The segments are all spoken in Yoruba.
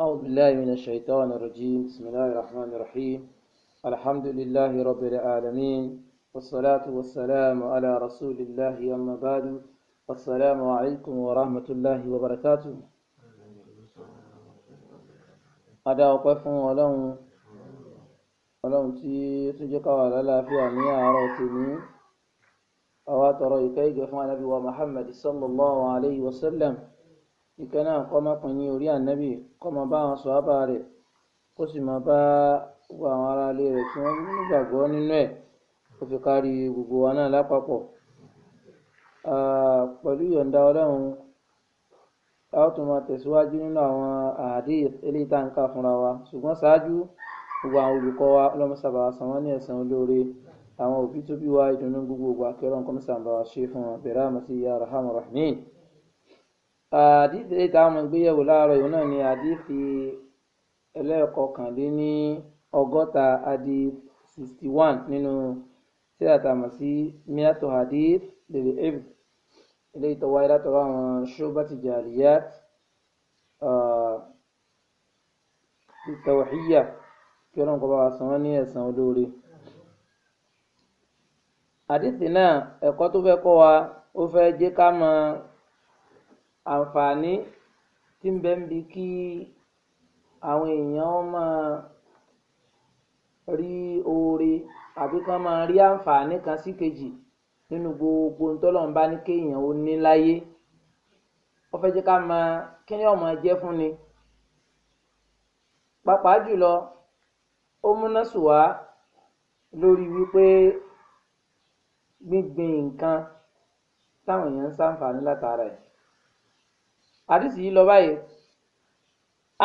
أعوذ بالله من الشيطان الرجيم بسم الله الرحمن الرحيم الحمد لله رب العالمين والصلاة والسلام على رسول الله أما بعد السلام عليكم ورحمة الله وبركاته ada ọpẹ́ fún Ọlọ́run Ọlọ́run tí tó jẹ́ ká wà lálàáfíà ní àárọ̀ tèmi àwa tọrọ ìkẹ́ ìgẹ́ fún Ànábì ìkẹ́ náà kó má pin ní orí ànábì kó má bá àwọn sọ̀hábà rẹ̀ kó sì má bá gbogbo àwọn ará ilé rẹ̀ tí wọ́n nígbàgbọ́ nínú ẹ̀ kó fi kárí gbogbo wa náà lápapọ̀ pẹ̀lú ìyọ̀ǹda ọlọ́run a ó tún máa tẹ̀síwájú nínú àwọn àdé eléyìí tá à ń kà fúnra wa ṣùgbọ́n ṣáájú gbogbo àwọn olùkọ́ wa ọlọ́mọṣàbà san wọ́n ní ẹ̀san olóore àwọn òbí tó bí wa ìdùnnú gbogbo ògbà kẹrọ̀ nǹkan mọ́sàbà ṣe fún wọn bẹ̀rẹ̀ àmọ́ sí ìyá rahman rahmin àdìsí èyí táwọn ìgbéyàwó láàárọ̀ yìí náà ni àdìsí ẹlẹ́ẹ̀kọkànléní ọgọ́ta adi sixty one nínú tí a tà mọ̀ sí miato hadith lèlè ebi eléyìí tó wáyé látọ̀rọ̀ àwọn ṣọ́bàtì jàríyàt tawàhíyà kí ọlọ́run bá wa san wọ́n ní ẹ̀san olóore. àdìsí náà ẹ̀kọ́ tó fẹ́ kọ́ wa ó fẹ́ jẹ́ ká mọ̀ àǹfààní tí ń bẹ níbi kí àwọn èèyàn ó máa rí oore àbí kán máa rí àǹfààní kan sí kejì nínú gbogbo ohun tọ́lọ́run bá ní kéèyàn ó ní láyé ó fẹ́ jẹ́ ká mọ kí ni jẹ́ fún ni pàápàá jùlọ ó múná sùwá lórí wípé gbíngbin nǹkan táwọn èèyàn ń ṣàǹfààní látara ẹ̀ àdìsí yìí lọ báyìí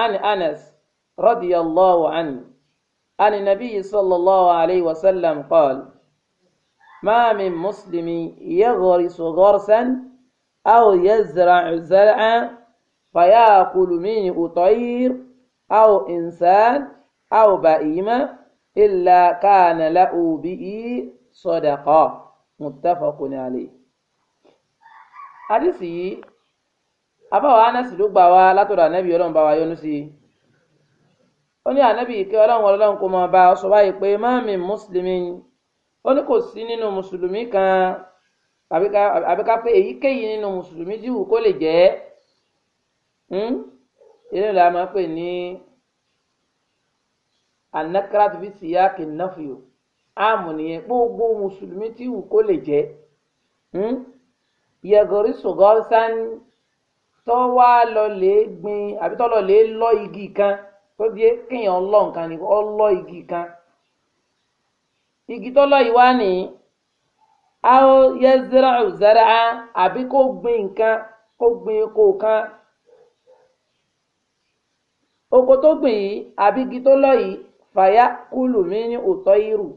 ani anas radiyallahu anhu ani nabiyyi sallallahu alayhi wa sallam qaal ma min muslimi yaghrisu gharsan aw yazra'u zar'an فيأكل منه طير أو إنسان أو بهيمة إلا كان له به صدقة متفق عليه. Hadisi yìí àbáwọ̀ anas ló gbà wá látọ̀dọ̀ ànábì ọlọ́run bá wa yọ́nú sí i ó ní ànábì ìkẹ́ ọlọ́run ọlọ́run kò máa bá a sọ báyìí pé má mi mùsùlùmí ó ní kò sí nínú mùsùlùmí kan àbí ká pé èyíkéyìí nínú mùsùlùmí tí kó lè jẹ́ eré hmm? la máa pè ní anakarat fi siyaki nafiyo áàmù nìyẹn gbogbo mùsùlùmí tí wù kó lè jẹ́ yẹgọrí sọgọ́sán. So tó wá lọ lè gbin àbí tó lọ lè lọ igi kan tó di kéèyàn lọ nǹkan ni igi kan igi tó lọ yìí wá a ao yẹzẹrẹ ọzẹrẹ á àbí kó gbin nǹkan kó kan oko tó gbìn yìí àbí igi tó lọ yìí fàyà kúlù mí ní òótọ́ irù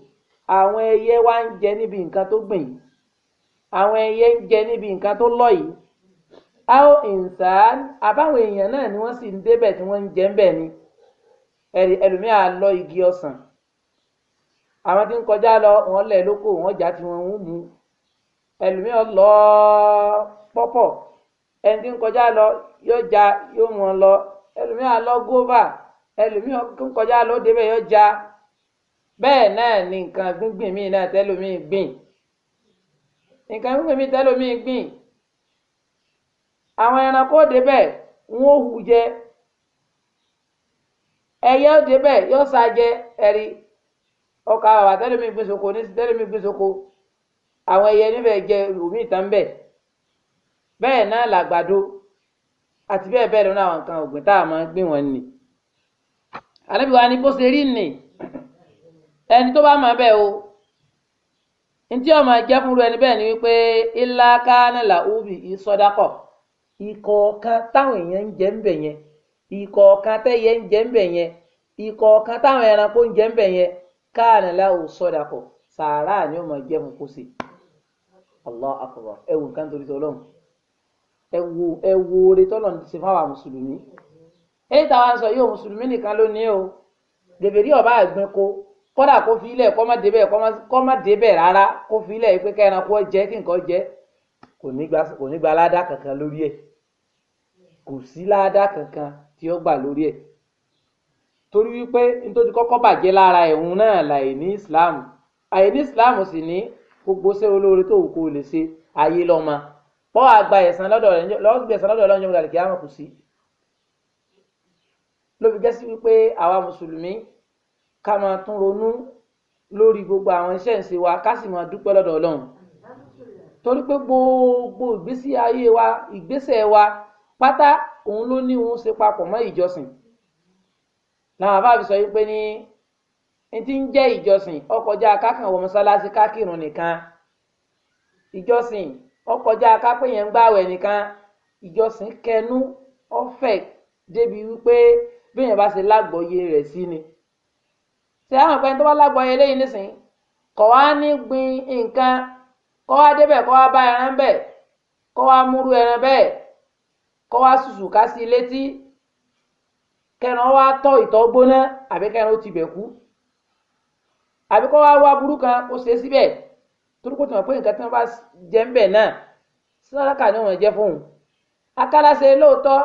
àwọn ẹyẹ wá ń jẹ ao insan àbáwọn èèyàn náà ni wọn sì ń débẹ̀ tí wọn ń jẹ ńbẹ ni ẹlòmíà lọ igi ọsàn àwọn tí ń kọjá lọ wọn lẹ lóko wọn jà tí wọn ń mú ẹlòmíà lọ pọpọ ẹni tí ń kọjá lọ yóò ja yóò mú ọ lọ ẹlòmíà lọ gófà ẹlòmíà ń kọjá lọ débẹ̀ yóò ja bẹ́ẹ̀ náà ni nǹkan gbíngbìn míì náà tẹlòmíì gbìn nǹkan gbíngbìn míì tẹlòmíì gbìn àwọn ẹranko débẹ̀ wọn ò hù jẹ ẹyẹ ó débẹ̀ yóò sá jẹ ẹ̀rí ọkà bàbà tẹlẹmí gbé soko ní tẹlẹmí gbé soko àwọn ẹyẹ níbẹ̀ jẹ omi ìtàn bẹ̀ bẹ́ẹ̀ náà làgbàdo àti bẹ́ẹ̀ bẹ́ẹ̀ lọ́nà àwọn nǹkan ọ̀gbìn tá a máa gbìn wọ́n nì àlẹ́bí wa ni bó ṣe rí nì ẹni tó bá máa bẹ́ẹ̀ o ntí ọmọ ẹjẹ fúnru ẹni bẹ́ẹ̀ ni wípé ilá kánìlà ubi ìsọdákọ̀. ìkọ̀ọ̀kan táwọn èèyàn ń jẹ ńbẹ̀ yẹn ọka tẹ́yẹ ń jẹ yẹn táwọn ẹranko ń jẹ ńbẹ̀ yẹn káàní láwù sọdà pọ sàárà ni ó máa jẹ mu kó sí allah akọwà ẹ wo nǹkan torí tọlọ́run ẹ wo ẹ wo oore tọlọ́run ti ṣe fáwọn mùsùlùmí táwọn sọ yóò mùsùlùmí nìkan o ọba àgbẹ̀ ko kó kó rárá kó kò sí ládàá kankan tí ó gbà lórí ẹ̀ torí wípé nítorí kọ́kọ́ bàjẹ́ lára ẹ̀hún náà láìní islam àìní islam sì ní gbogbo ṣé olóore tó wù kó lè ṣe ayé lọ́mọ bọ́ àgbà ẹ̀sán lọ́dọ̀ rẹ̀ lọ́gbẹ̀ ẹ̀sán lọ́dọ̀ ọlọ́run yóò kí á mọ̀ kù sí. ló fi jẹ́ sí wípé àwa mùsùlùmí ká máa tún ronú lórí gbogbo àwọn iṣẹ́ ìṣe wa ká sì máa dúpẹ́ lọ́dọ̀ ọlọ́run torí pé gbogbo ìgbésí ayé wa ìgbésẹ̀ wa pátá òun ló ní òun ṣe papọ̀ mọ́ ìjọsìn làwọn bá fi sọ yìí ní ní ti ń jẹ́ ìjọsìn ó nikan kákan wọ mọ́sálásí kákìrún nìkan ìjọsìn ó nikan kápẹ́yẹn ń gbàwẹ̀ nìkan ìjọsìn kẹnu ọ̀fẹ́ débi wípé bẹ́ẹ̀ bá ṣe ni ṣé àwọn ọ̀pẹ́ni bá lágbọ́yé lẹ́yìn nísìnyí kọ̀ ní gbin nǹkan kọ́ wá débẹ̀ kọ́ wá bá ẹran kó wá sùsù ká sí létí kẹran wá tọ ìtọ̀ gbóná àbí kẹran ó ti bẹ̀ kú àbí kó wá wá burú kan ó ṣe síbẹ̀ torí kó tó mọ̀ pé nǹkan tí wọ́n bá jẹ ń bẹ̀ náà sàdákà ni wọ́n jẹ́ fóun akálàṣe lóòótọ́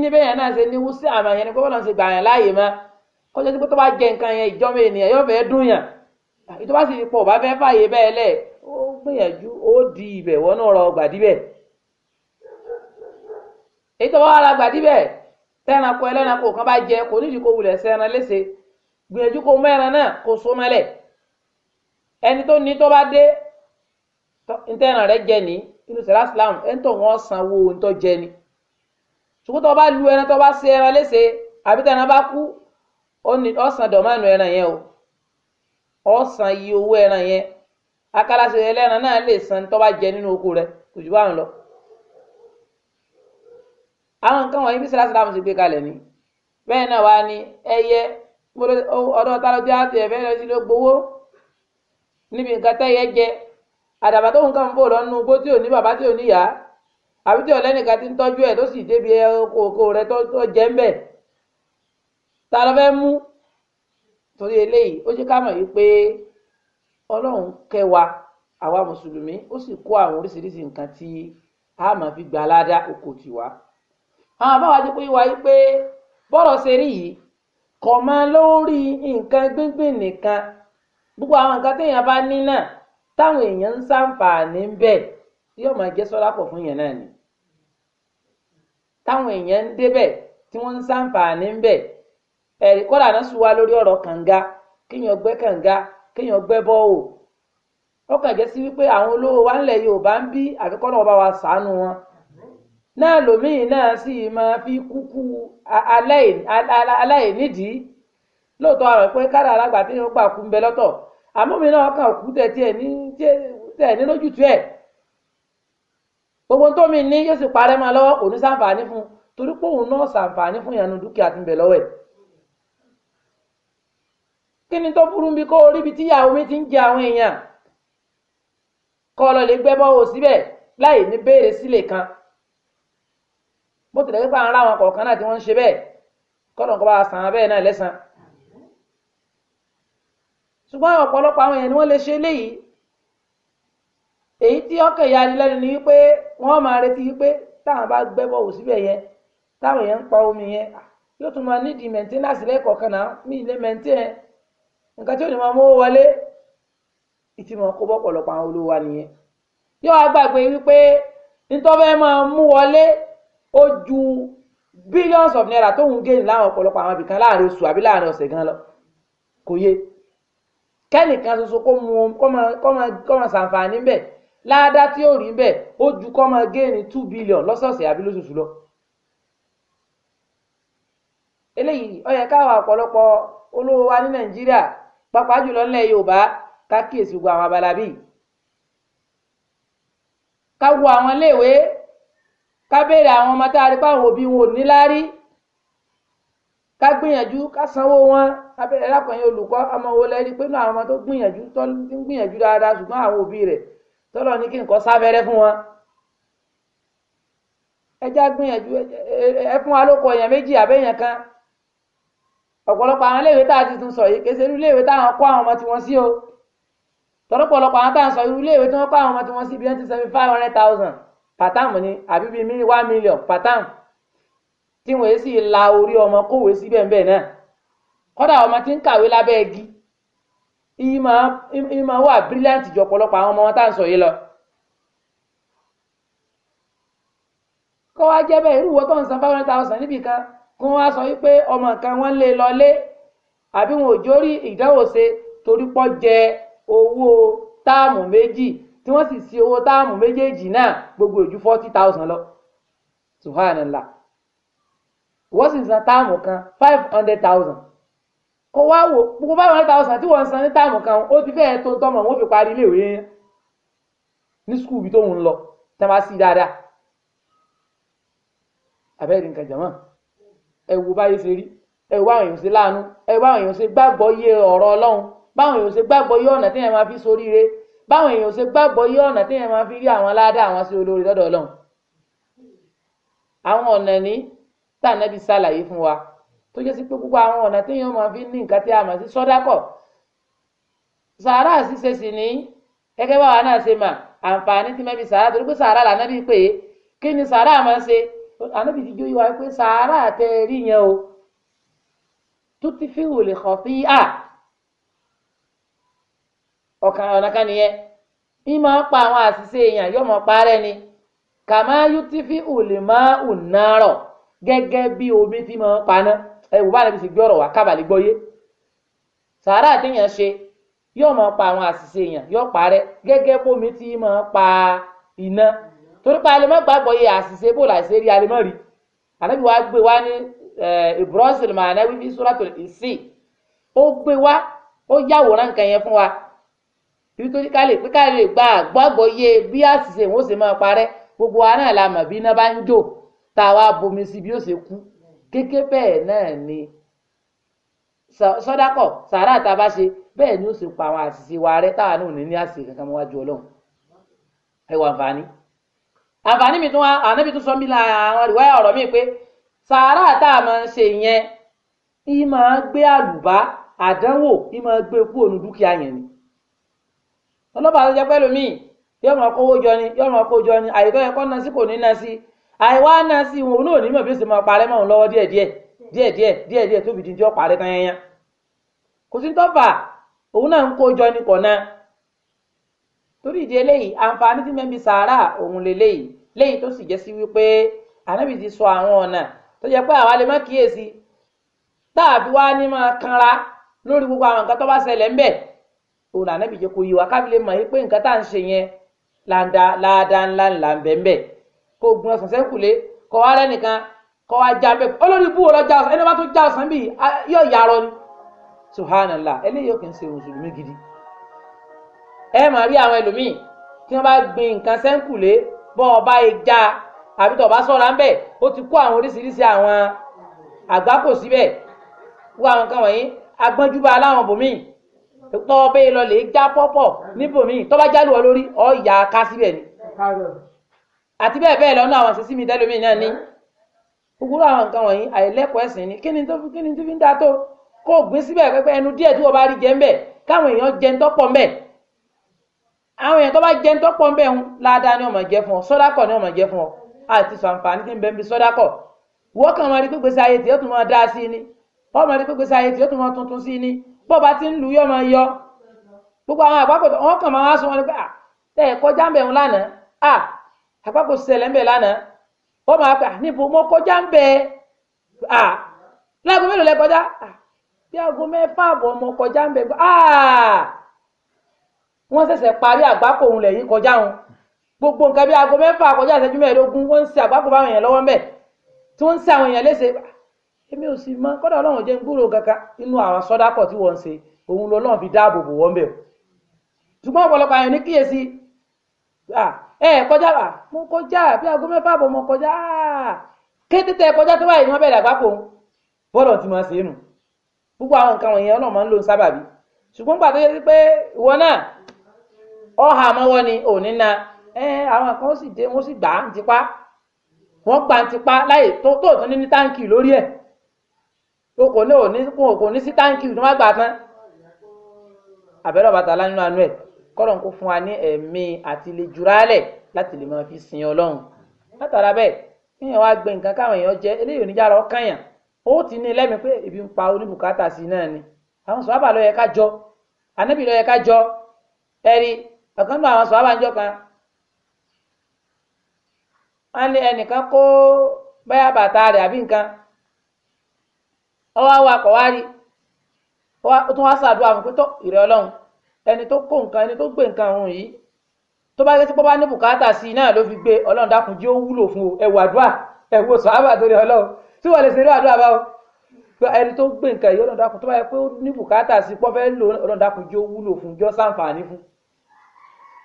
ní bẹ́yẹn náà ṣe ní wúsí àmà yẹn ni pé wọ́n ṣe gbà yẹn láàyè mọ́ kọjá sí pé tó bá jẹ nǹkan yẹn ìjọba ènìyàn yóò fẹ́ dùn yàn ìjọba sì pọ̀ bá fẹ́ fààyè bẹ́ẹ̀ lẹ̀ ó gbìyànjú ó di ìbẹ̀wọ́ náà rọ gbàdíbẹ̀ èyí tó bá wà lágbà díbẹ̀ tẹ́ranko ẹlẹ́ranko kan bá jẹ kò nídìí kó wulẹ̀ sẹ́ran léṣe gbìyànjú kó mẹ́ran náà kó so mọ́lẹ̀ ẹni tó ní tó bá dé ntẹ́ran rẹ̀ jẹ ní inú sẹ́lá islam ẹni tó wọ́n sanwó ohun tó jẹ ni ṣùgbọ́n tó bá lu ẹran tó bá ṣe ẹran léṣe àbí tẹ́ran bá kú ọ̀sán dọ̀mánu ẹran yẹn o ọ̀sán iye owó ẹran yẹn akálàṣe ẹlẹ́ran náà lè san tó bá jẹ nínú oko rẹ̀ kò jù bá ń lọ àwọn nǹkan wọ̀nyí bí sàlásàlá mo ti gbé kalẹ̀ ni bẹ́ẹ̀ náà wá ní ẹyẹ ọdún ọtálọ́jọ́ àti ẹ̀fẹ́ lọ sí ló gbowó níbi nǹkan tẹ́yẹ jẹ àdàbà tó ń kàn ń bò lọ́nu igbó tí ò ní bàbá tí ò ní yá àbí tí ọ̀lẹ́nìkan ti ń tọ́jú ẹ̀ tó sì débi oko oko rẹ tó jẹ́ ń bẹ̀ ta ló fẹ́ mú torí eléyìí ó jẹ́ ká mọ̀ yìí pé ọlọ́run kẹ́ wa àwa mùsùlùmí ó sì kó àwọn oríṣiríṣi nǹkan tí a máa fi gbà ládàá oko tiwa. àwọn àbáwá ti pé wáyé pé bọ́rọ̀ ṣe rí yìí kọ̀ máa lórí nǹkan gbíngbìn nìkan gbogbo àwọn nǹkan téèyàn bá ní náà táwọn èèyàn ń ṣàǹfààní ń bẹ yóò máa jẹ́ sọ́ra pọ̀ fún yẹn náà ni táwọn èèyàn ń débẹ̀ tí wọ́n ń ṣàǹfààní ń bẹ ẹ̀rí kọ́dà náà sùn wá lórí ọ̀rọ̀ kànga kéèyàn gbẹ́ kànga kéèyàn gbẹ́ bọ́ọ̀ ó kàn jẹ́ sí wípé àwọn olówó wa ńlẹ̀ Yorùbá ń bí àbíkọ́nà bá wa ṣàánú wọn náà lòmíì náà sì máa fi kúkú aláìnídìí lóòótọ́ àrùn pé kára alágbà tí yóò gbà kú ń bẹ lọ́tọ̀ àmọ́ mi náà kàn kú tẹ̀ ní lójútu ẹ̀ gbogbo tó mi ní yóò sì parẹ́ máa lọ́wọ́ kò ní sàǹfààní fún un torí pé òun náà sàǹfààní fún ìyanu dúkìá tí ń bẹ lọ́wọ́ ẹ̀ kí ni tó burú bí kó bó tilẹ̀ pípa ara àwọn kọ̀ọ̀kan náà tí wọ́n ń ṣe bẹ́ẹ̀ kọ́lọ̀ kọ́ bá san bẹ́ẹ̀ náà lẹ́sàn. ṣùgbọ́n ọ̀pọ̀lọpọ̀ àwọn èèyàn ni wọ́n lè ṣe eléyìí èyí tí ọkàn ìyá ni lẹ́nu ni wípé wọ́n máa retí wípé táwọn bá gbẹ́ bọ̀wọ̀ síbẹ̀ yẹn táwọn omi yẹn yóò tún máa nídìí náà mí ilé nǹkan tí ò ní máa mówó wọlé ìtìmọ̀ kó àwọn olówó wa nìyẹn yóò wá gbàgbé wípé nítorí máa mú ó ju billions of naira tó ń gain láwọn ọ̀pọ̀lọpọ̀ àwọn ibìkan láàrin oṣù àbí láàrin ọ̀sẹ̀ gan lọ kò yé kẹ́nìkan ṣoṣo kó mu kó máa ṣàǹfààní bẹ́ẹ̀ láàdá tí ó rí bẹ́ẹ̀ ó ju kó máa gain two billion lọ́sọ̀ọ̀sẹ̀ àbí lóṣooṣù lọ. eléyìí ó yẹ káwọn ọ̀pọ̀lọpọ̀ olówó wa ní nàìjíríà pàápàá jùlọ ńlẹ̀ yorùbá ká kíyèsí gbogbo àwọn abala bíi ká wo àwọn iléèwé ká béèrè àwọn ọmọ tá a rí páwọn òbí wọn ò ní láárí ká gbìyànjú ká sanwó wọn ká béèrè lápẹ̀yìn olùkọ́ ọmọ wo lẹ́rí pé náà àwọn ọmọ tó gbìyànjú tó ń gbìyànjú dáadáa ṣùgbọ́n àwọn òbí rẹ̀ tọ́lọ̀ ní kí nǹkan sáfẹ́rẹ́ fún wọn. ẹ já gbìyànjú ẹ fún wa lóko èèyàn méjì àbẹ́yàn kan ọ̀pọ̀lọpọ̀ àwọn iléèwé tá a ti tún sọ yìí kése irú iléèwé táwọn kọ́ àwọn ọmọ tí wọ́n sí o tọ́lọ́pọ̀lọpọ̀ àwọn táwọn sọ irú iléèwé tí wọ́n kọ́ àwọn ọmọ tí wọ́n sí ibi wọ́n ti seventy five hundred thousand pàtàmù ni àbí bíi one million pàtàmù tí wọn èsì la orí ọmọ kówé sí bẹ́ẹ̀ náà kọ́dà ọmọ tí ń kàwé lábẹ́ igi ìmọ̀ wà bírílíàǹtì jọ ọ̀pọ̀lọpọ̀ àwọn ọmọ wọn tá à ń sọ yìí lọ. kọ́ wá jẹ́ bẹ́ẹ̀ irú ìwọ tó ń san five hundred thousand níbì kan kí wọ́n wá sọ wípé ọmọ kan wọ́n lé lọ́lé àbí wọn ò jórí ìdánwò ṣe torí pọ́ jẹ owó táàmù méjì tí wọ́n sì ṣe owó táàmù méjèèjì náà gbogbo ìjú forty thousand lọ subhanallah wọ́n sì san táàmù kan five hundred thousand kó wá wò gbogbo five hundred thousand tí wọ́n san ní táàmù kan ó ti fẹ́ẹ́ tó tọ́mọ̀ wọ́n fi parí iléèwé yẹn ní skul bí tóun lọ tí wọ́n bá sí dáadáa abẹ́rẹ́ nǹkan jẹ̀mọ́ ẹ wo báyìí ṣe rí ẹ wo báwọn èèyàn ṣe láàánú ẹ wo báwọn èèyàn ṣe gbàgbọ́ yé ọ̀rọ̀ ọlọ́run báwọn èèyàn ṣe gbàgbọ́ yé ọ̀nà tí yẹn máa fi soríire báwọn èèyàn ṣe gbàgbọ́ yí ọ̀nà téèyàn máa fi rí àwọn aládá àwọn sí olórí lọ́dọ̀ ọlọ́run àwọn ọ̀nà ní tànàbí ṣàlàyé fún wa tó jẹ́ sí pé gbogbo àwọn ọ̀nà téèyàn máa fi ní nǹkan tí a mọ̀ sí sọ́dákọ̀ sàárà ṣíṣe sì ní gẹ́gẹ́ báwa náà ṣe mà àǹfààní tí mẹ́bi sàárà torí pé sàárà lànàbí pé kí ni sàárà máa ṣe ànábì ti jó yíwa pé sàárà tẹ rí yẹn o tó ti fi wòlé kọ̀ fi à ọ̀nà kan nìyẹn ní pa àwọn àṣìṣe èèyàn yóò máa parẹ́ ni kàmá yútífì ùlìmọ́ ùnárọ̀ gẹ́gẹ́ bí omi ti máa paná ẹ wò bá lè fi sì gbé ọ̀rọ̀ wá kábàlẹ̀ gbọ́yé sàárà téèyàn ṣe yóò máa pa àwọn àṣìṣe èèyàn yóò parẹ́ gẹ́gẹ́ bómi ti máa pa iná torí pa alẹ́ mọ́ gbàgbọ́ yẹ àṣìṣe bó la ṣe rí alẹ́ mọ́ rí ànábi wa gbé wa ní ìbúrọ́sìlì màánà wíwí suratul ìsì ó gbé wa ó yàwòrán nǹkan yẹn fún wa nítorí ká lè pé ká lè gba àgbàgbọ́ yé bí àṣìṣe wọn ṣe máa gbogbo wa náà la mọ̀ bí iná bá ń jò tá a wá bomi sí bí ó ṣe kú kéké bẹ́ẹ̀ ni sọ́dákọ̀ sàárà tá a bá ṣe ni ó ṣe pa àwọn àṣìṣe wa táwa náà kankan wájú ọlọ́run ẹ wà àǹfààní mi tún wá tún sọ mí la àwọn ọ̀rọ̀ mi pé sàárà tá a máa ń ṣe yẹn ì máa gbé àlùbá àdánwò ì máa gbé kú òun dúkìá yẹn ni ọlọ́pàá tó jẹ pẹ́ lómi yóò máa kówó jọ ni yóò máa kó jọ ni àyíkọ́ ẹ̀kọ́ náà sí kò ní náà sí àìwá náà sí wọn náà ní mọ̀ bí ó sì máa parẹ́ mọ́ òun lọ́wọ́ tóbi di jọ́ parẹ́ kan yẹn kò sí tọ́fà òun náà ń kó jọ ni kọ̀ náà torí ìdí sọ àwọn ọ̀nà tó jẹ́ pé àwa lè má kíyèsí táàbí wá ní máa kanra gbogbo àwọn nǹkan òun ànábì jẹ́ kó yí wa kábílẹ̀ mọ̀ pé nǹkan tá à ń ṣe yẹn láàdá láàdá ńlá ńlá ń bẹ̀ńbẹ̀ kó gun ọsàn sẹ́kùlé kọ́ wa rẹ́nìkan kọ́ wa já bẹ́ẹ̀ olórí búwo lọ já ọsàn ẹni bá tó já ọsàn bíi yóò yarọ ni subhanallah eléyìí ò kì í ṣe mùsùlùmí gidi ẹ mà rí àwọn ẹlòmíì tí wọ́n bá gbin nǹkan sẹ́kùlé bọ́ ọba ìjà e àbí tọ̀ba sọ̀ra ńbẹ̀ ó ti kó àwọn oríṣiríṣi àwọn àgbákò síbẹ̀ wọ àwọn kan wọ̀nyí agbọ́njúbà aláwọn bòmíì tọ́ bẹ́ẹ̀ lọ lè já pọ́pọ̀ níbòmíì tọ́ bá jálù ọ lórí ọ ìyá ká síbẹ̀ ni àti bẹ́ẹ̀ bẹ́ẹ̀ lọ́nà àwọn sísí mi tẹ́lómi náà ní gbogbo àwọn nǹkan wọ̀nyí àìlẹ́kọ̀ọ́ ẹ̀sìn ni kí ni tó kí ni tó fi ń dá tó kó o gbé síbẹ̀ pẹ́pẹ́ ẹnu díẹ̀ tí wọ́n bá rí jẹ́ ń bẹ̀ káwọn èèyàn jẹ́ ń tọ́pọ̀ ń bẹ̀ àwọn èèyàn tó bá jẹ́ ń tọ́pọ̀ ń bẹ̀ ń ládàá ni ọmọ jẹ́ fún ọ sọ́dákọ̀ ni ọmọ jẹ́ fún ọ àti sàǹfààní tí ń bẹ ń bi sọ́dákọ̀ wọ́n kàn máa rí pé gbèsè ayé tí ó tún máa dá sí ni wọ́n máa rí pé gbèsè ayé tí ó tún máa tuntun sí ni bó bá ti ń lu yọ máa yọ gbogbo àwọn àpapọ̀ wọn kàn máa wá sọ wọn ni pé à tẹ ẹ kọjá ń bẹ̀ ń lánàá à àpapọ̀ ṣẹlẹ̀ ń bẹ̀ lánàá ó máa pè à níbo mo kọjá ń bẹ̀ à láago mélòó lẹ kọjá à bí aago mẹ́fà àbọ̀ mo kọjá ń bẹ̀ à wọ́n ṣẹ̀ṣẹ̀ parí àgbákò òun lẹ́yìn kọjá òun gbogbo nǹkan bí aago mẹ́fà kọjá ìṣẹ́jú mẹ́ẹ̀ẹ́dógún wọ́n ń ṣe àgbákò báwọn èèyàn lọ́wọ́ ń tí wọ́n ń ṣe àwọn èèyàn léṣe èmi ò sì mọ kọ́dà ọlọ́run jẹ́ ń gbúrò kankan nínú àwọn sọ́dákọ̀ tí wọ́n ń ṣe òun lọ́lọ́run fi dáàbò bò wọ́n bẹ̀ o ṣùgbọ́n ọ̀pọ̀lọpọ̀ àyàn ní kíyèsí ẹ kọjá wa mo kọjá bí aago mẹ́fà bọ̀ mo kọjá kété tẹ kọjá tó báyìí ni wọ́n bẹ̀rẹ̀ àgbákò bọ́ọ̀lù ti máa ṣe é nù gbogbo àwọn nǹkan wọ̀nyẹn ọlọ́run máa ń lò ń sábàbí ṣùgbọ́n gbà tó yẹ pé ìwọ náà ọ̀hà mọ́wọ́ ni òní na àwọn kan ó sì gbà ń tipa wọ́n gbà ń tipa láyè tó tó ní táǹkì lórí ẹ̀ kò ní òní kò ní sí táǹkì tó má gbà tán àbẹ̀rẹ̀ ọ̀bàtà lánàá àánú ẹ̀ kọ́lọ̀ ń kó fún wa ní ẹ̀mí àti lè jurálẹ̀ láti lè máa fi sin ọlọ́run látara bẹ́ẹ̀ kíyàn wá gbé nǹkan káwọn èèyàn jẹ eléyìí oníjàrá ọkànyàn ó ti ní lẹ́mìí pé ebi ń pa oníbùkátà sí náà ni àwọn sọ̀hábà ló ká jọ ànábì ló ká jọ ẹ̀rí ọ̀kan náà àwọn sọ̀hábà ń jọ kan wọ́n ní ẹnìkan kó báyà bàtà rẹ̀ àbí nǹkan ọwọ́ wa akọ̀ wá rí ó tún wá ṣàdúrà fún pé tó ìrẹ́ ọlọ́run ẹni tó kó nǹkan ẹni tó gbé nǹkan òun yìí tó bá yẹ sí pé bá ní bùkátà sí i náà ló fi gbé ọlọ́run dákun jí ó wúlò fún o ẹ̀wù àdúrà ẹ̀wù sàhábà torí ọlọ́run tí wọ́n lè ṣeré àdúrà báwo pé ẹni tó gbé nǹkan yìí ọlọ́run dákun tó bá yẹ pé ó ní bùkátà sí i lò ọlọ́run dákun jí ó wúlò fún jọ́ sàǹfààní fún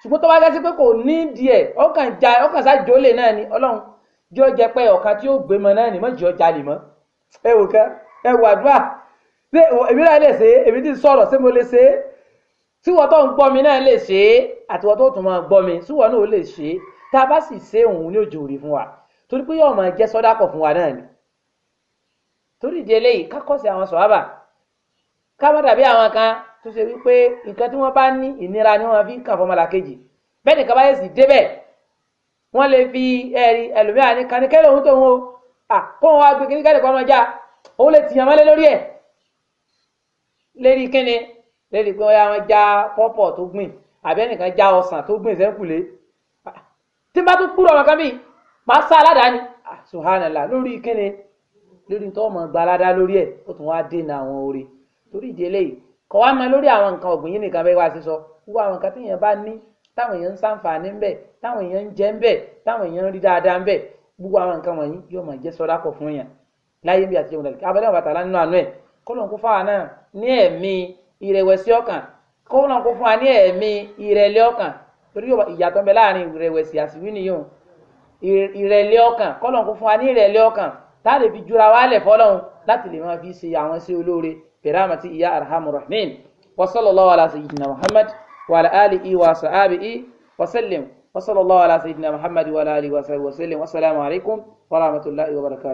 ṣùgbọ́n tó bá yẹ pé kò ní díẹ̀ ọkàn já ọkàn sájòlè náà ni ọlọ́run jọ́ jẹ pé ọ̀kan tí ó gbé mọ náà ni mọ́ jọ́ jalè mọ́ ẹ wò ká ẹ wà dùà ṣé èmi náà lè ṣe é èmi ti sọ̀rọ̀ ṣé mo lè ṣe é tíwọ́ tó ń gbọ́ mi náà lè ṣe é àtiwọ́ tó tún máa gbọ́ mi tíwọ́ náà ó lè ṣe é tá a bá sì ṣe òun ní òjò rí fún wa torí pé yóò máa jẹ́ sọ́dákọ̀ fún wa náà ni torí ìdí eléyìí kákọ́sí àwọn sọ̀hábà ká má dàbí àwọn kan tó ṣe wípé nǹkan tí wọ́n bá ní ìnira ni wọ́n fi ń kàn fọmọlà kejì bẹ́ẹ̀ nìkan bá yẹ sì débẹ̀ wọ́n lè fi ẹ̀rí ẹlòmíràn ní kanikẹ́lẹ́ òun tó ń wo à kó wọn wá gbé kíníkẹ́lẹ́ kan máa já ó lè tìyàn mọ́lẹ̀ lórí ẹ̀ lérí kíni lérí pé wọ́n já pọ́pọ̀ tó gbìn àbí ẹnìkan já ọsàn tó gbìn sẹ́kùlé tí bá tún kúrò ọmọ kan bíi máa sá aládàáni ah, subhanallah lórí kíni lórí tó mọ̀ gba aládá lórí ẹ̀ ó tún wá dènà àwọn orí torí ìdí eléyìí kọ̀ wá mọ lórí àwọn nǹkan ọ̀gbìn yìí nìkan bẹ́ẹ̀ wá sí sọ gbogbo àwọn nǹkan tí èèyàn bá ní táwọn èèyàn ń sàǹfààní ń bẹ táwọn èèyàn ń jẹ ń bẹ táwọn èèyàn ń rí dáadáa ń bẹ gbogbo àwọn nǹkan wọ̀nyí yóò máa jẹ́ sọ́dákọ̀ fún èèyàn láyé bí àti ìwòlẹ̀ abẹ́lẹ́ bàtà lánàá nínú àánú ẹ̀ kọ́lọ̀ kó fáwọn náà ní ẹ̀mí ìrẹ̀wẹ̀sì ọkàn kọ́lọ̀ kó fún wa ní ẹ̀mí ìrẹ̀lẹ̀ ọkàn torí ìyàtọ̀ ń bẹ láàrin ìrẹ̀wẹ̀sì àsìwí nìyẹn ìrẹ̀lẹ̀ ọkàn kọ́lọ̀ kó fún wa ní ìrẹ̀lẹ̀ ọkàn táàlè fi jura wa lẹ̀ fọlọ́hún láti lè máa fi ṣe àwọn sí olóore bẹ̀rẹ̀mà ti ìyá